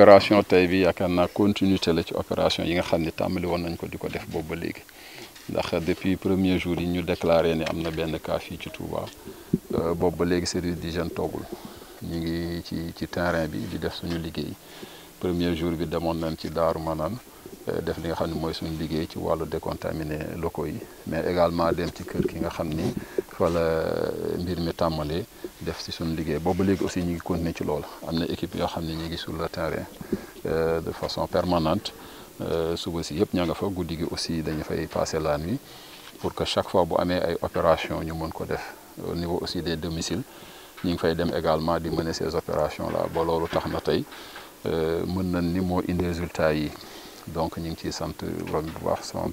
opération tay bi yaakaar naa continuité la ci opération yi nga xamni tamali won nañ ko diko def bobu ba ndax depuis premier jour yi ñu déclarer ni amna na benn cas fi ci Touba euh, bobu ba léegi service d'hygiène toogul ñu ngi ci ci terrain bi di def suñu liggéey premier jour bi demoon nañ ci daru manan euh, def li nga xamni moy suñu liggéey ci walu décontaminer locaux yi mais également dem ci kër ki nga xamni fa la eh, mbir mi tàmbalee def si suñu liggéey boobu léegi aussi ñi ngi continuer ci lool amna équipe yo xamni ñi ngi sur le terrain eh, de façon permanente eh, suba si yëpp ña nga fa guddi gi aussi dañu fay passer la nuit pour que chaque fois bu amé ay opération ñu mën ko def au niveau aussi des domiciles ñi ngi fay dem également di mener ces opérations là bo lolu tax na tey mën nañ ni mo indi résultat yi donc ñi ngi ci sant borom bu baax sant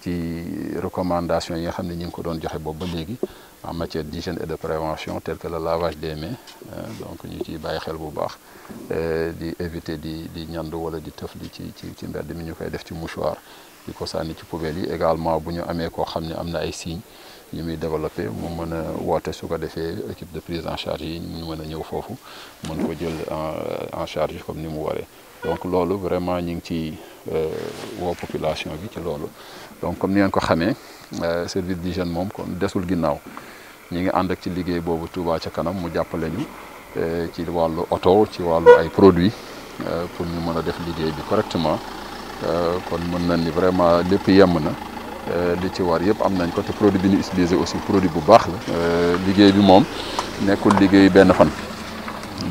ci recommandations yi nga xam ne ko doon joxe bobu ba léegi en matière d'hygiène et de prévention telle que le lavage des mains euh, donc ñu ci baye xel bu baax euh, di éviter di di ñandu wala di teuf di ci ci ci mbedd mi ñu koy def ci mouchoir di ko sànni ci poubelle yi également bu ñu amé ko xam amna ay signes yi muy développé mu mën a woote su ko defee équipe de prise en charge yi ñu mën a ñëw foofu mën ko jël en charge comme ni mu waree donc loolu vraiment ñu ngi ci euh, ou population bi ci donc comme nous ngeen ko euh, service de moom kon desul ginnaaw ñi ngi ànd ak ci liggéey boobu Touba kanam mu ñu euh, ci produits pour ñu mën def bi correctement kon mën na ni vraiment lépp yemm na li ci war yëpp am nañ ko te produit bi ñu utilisé aussi produit bu baax la. liggéey bi moom nekkul liggéey benn fan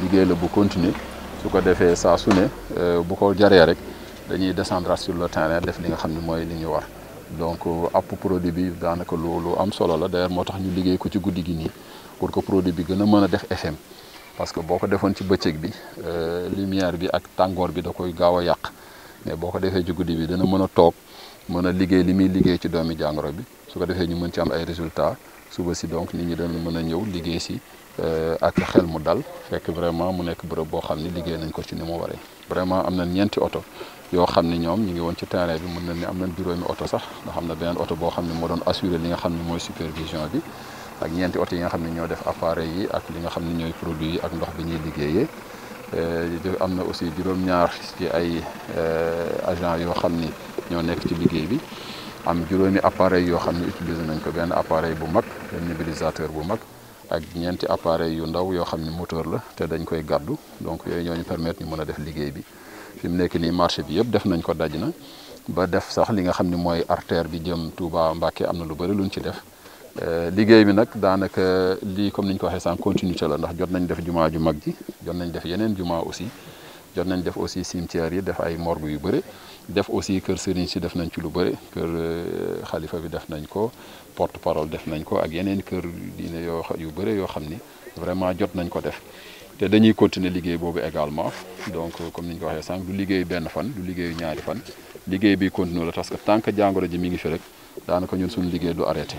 liggéey la bu continuer su ko defee saa su ne bu dañuy descendre sur le terrain def li nga xam ne mooy li ñu war donc app produit bi daanaka lu lu am solo la d'ailleurs moo tax ñu liggéey ko ci guddi gi nii pour que produit bi gën a mën a def effet parce que boo ko defoon ci bëccëg bi euh, lumière bi ak tàngoor bi da koy gaaw a yàq mais boo ko defee ci guddi bi dana mën a toog mën a liggéey li muy liggéey ci doomi jàngoro bi su ko defee ñu mën ci am ay résultat suba si donc nit ñi dana mën a ñëw liggéey si euh, ak xel mu dal fekk vraiment mu nekk bërëb boo xam ni liggéey nañ ko ci ni mu waree vraiment am na ñeenti oto yoo xam ne ñoom ñu ngi woon ci terrain bi mën nañ ne am nañ juróomi oto sax nga xam ne beneen oto boo xam ne moo doon assuré li nga xam ne mooy supervision bi ak ñeenti oto yi nga xam ne ñoo def appareil yi ak li nga xam ne ñooy produit ak ndox bi ñuy liggéeyee euh, am na aussi juróom-ñaar ci ay euh, agent yoo xam ni ñoo nekk ci liggéey bi am juróomi appareil yoo xam ne utiliser nañ ko benn appareil bu mag benn nébulisateur bu mag ak ñeenti appareil yu ndaw yoo xam ne moteur la te dañ koy gàddu donc yooyu ñooñu ñu permettre ñu mën a def liggéey bi fim nek ni marché bi yeb def nañ ko dajina ba def sax li nga xamni moy artère bi jëm Touba Mbacké amna lu bari luñ ci def euh liggéey bi nag daanaka li comme niñ ko waxé sans continuité la ndax jot nañ def juma ju mag ji jot nañ def yenen juma aussi jot nañ def aussi cimetière yi def ay morgue yu bari def aussi keur serigne ci def nañ ci lu bari keur khalifa bi def nañ ko porte parole def nañ ko ak yenen keur diine yo yu bari yo xamni vraiment jot nañ ko def te dañuy continuer liggéey boobu également donc euh, comme ni ñu ko waxee sànq du liggéey benn fan du liggéeyu ñaari fan liggéey bi continuer la parce que tant que jàngoro ji mi ngi rek daanaka ñun suñu liggéey du arrêté